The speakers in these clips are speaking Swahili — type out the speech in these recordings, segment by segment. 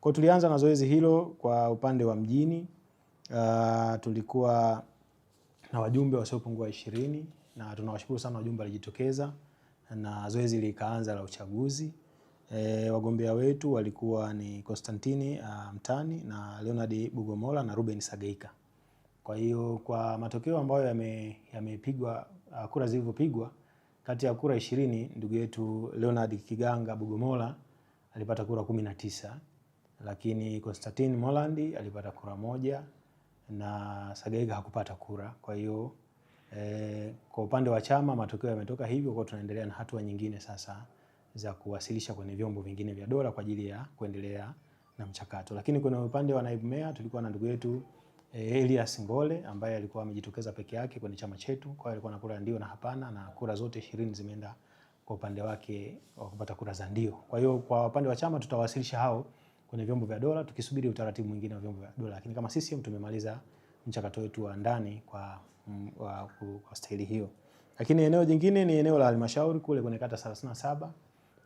Kwa tulianza na zoezi hilo kwa upande wa mjini. Uh, tulikuwa na wajumbe wasiopungua ishirini na tunawashukuru sana wajumbe walijitokeza na zoezi likaanza la uchaguzi. E, wagombea wetu walikuwa ni Konstantini uh, Mtani na Leonard Bugomola na Ruben Sageika. Kwa hiyo kwa matokeo ambayo yamepigwa yame uh, kura zilivyopigwa kati ya kura ishirini ndugu yetu Leonard Kiganga Bugomola alipata kura kumi na tisa lakini Constantine Mollandi alipata kura moja na Sagaiga hakupata kura. Kwa hiyo e, kwa upande wa chama matokeo yametoka hivyo, kwa tunaendelea na hatua nyingine sasa za kuwasilisha kwenye vyombo vingine vya dola kwa ajili ya kuendelea na mchakato. Lakini kwenye upande wa naibu meya tulikuwa na ndugu yetu e, Elias Ngole ambaye alikuwa amejitokeza peke yake kwenye chama chetu, kwa hiyo alikuwa na kura ndio na hapana, na kura zote 20 zimeenda kwa upande wake wa kupata kura za ndio. Kwa hiyo kwa upande wa chama tutawasilisha hao kwenye vyombo vya dola tukisubiri utaratibu mwingine wa vyombo vya dola, lakini kama CCM tumemaliza mchakato wetu wa ndani kwa, mm, wa, kwa, kwa staili hiyo. Lakini eneo jingine ni eneo la halmashauri kule kwenye kata 37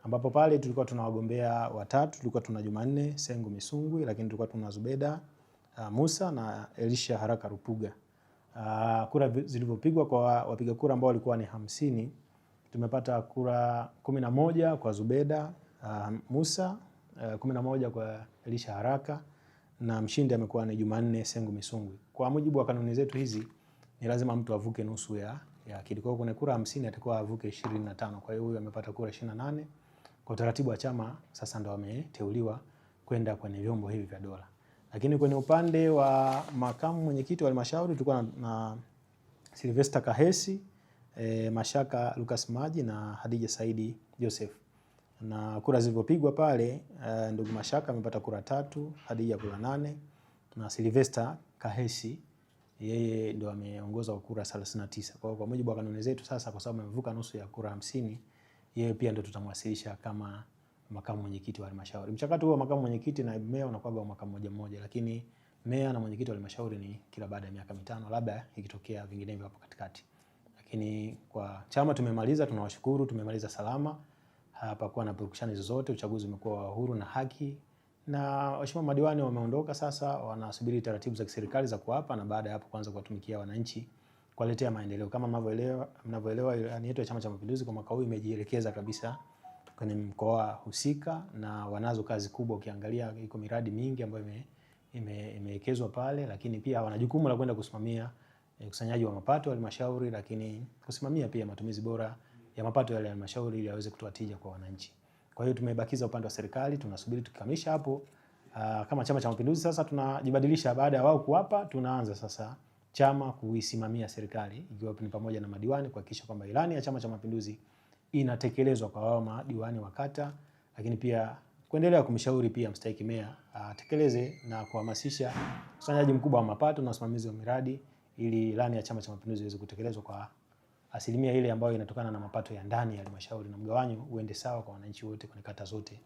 ambapo pale tulikuwa tuna wagombea watatu, tulikuwa tuna Jumanne Sengu Misungwi, lakini tulikuwa tuna Zubeda uh, Musa na Elisha Haraka Rupuga. Uh, kura zilivyopigwa kwa wapiga kura ambao walikuwa ni hamsini, tumepata kura kumi na moja kwa Zubeda uh, Musa 11 eh, kwa lisha Haraka na mshindi amekuwa ni Jumanne Sengu Misungwi. Kwa mujibu wa kanuni zetu hizi ni lazima mtu avuke nusu ya ya akili. Kwa hiyo kuna kura 50 atakuwa avuke 25. Kwa hiyo huyu amepata kura 28. Kwa utaratibu wa chama sasa ndo ameteuliwa kwenda kwenye vyombo hivi vya dola. Lakini kwenye upande wa makamu mwenyekiti wa halmashauri tulikuwa na, na Silvester Kahesi, e, Mashaka Lucas Maji na Hadija Saidi Joseph na kura zilizopigwa pale uh, ndugu Mashaka amepata kura tatu, hadi ya kura nane na Sylvester Kahesi yeye ndo ameongoza kwa kura 39. Kwa hiyo kwa mujibu wa kanuni zetu sasa, kwa sababu amevuka nusu ya kura hamsini, yeye pia ndo tutamwasilisha kama makamu mwenyekiti wa halmashauri. Mchakato huo makamu mwenyekiti na meya unakuwa mwaka mmoja mmoja, lakini meya na mwenyekiti wa halmashauri ni kila baada ya miaka mitano, labda ikitokea vinginevyo hapo katikati. Lakini kwa chama tumemaliza, tunawashukuru, tumemaliza salama hapakuwa na purukushani zozote. Uchaguzi umekuwa wa huru na haki, na waheshimiwa madiwani wameondoka sasa, wanasubiri taratibu za kiserikali za kuapa na baada ya hapo kuanza kuwatumikia wananchi kuwaletea maendeleo. Kama mnavyoelewa, ilani yetu ya Chama cha Mapinduzi kwa mwaka huu imejielekeza kabisa kwenye mkoa husika, na wanazo kazi kubwa. Ukiangalia iko miradi mingi ambayo imewekezwa ime pale, lakini pia wana jukumu la kwenda kusimamia eh, ukusanyaji wa mapato halmashauri, lakini kusimamia pia matumizi bora ya mapato yale ya halmashauri ili yaweze kutoa tija kwa wananchi. Kwa hiyo tumebakiza upande wa serikali, tunasubiri tukikamilisha hapo. Uh, kama Chama cha Mapinduzi sasa tunajibadilisha, baada ya wao kuwapa, tunaanza sasa chama kuisimamia serikali, ikiwa ni pamoja na madiwani kuhakikisha kwamba ilani ya Chama cha Mapinduzi inatekelezwa kwa wao madiwani wa kata, lakini pia kuendelea kumshauri pia mstahiki meya ah, atekeleze na kuhamasisha ukusanyaji mkubwa wa mapato na usimamizi wa miradi ili ilani ya Chama cha Mapinduzi iweze kutekelezwa kwa asilimia ile ambayo inatokana na mapato ya ndani ya halmashauri na mgawanyo uende sawa kwa wananchi wote kwenye kata zote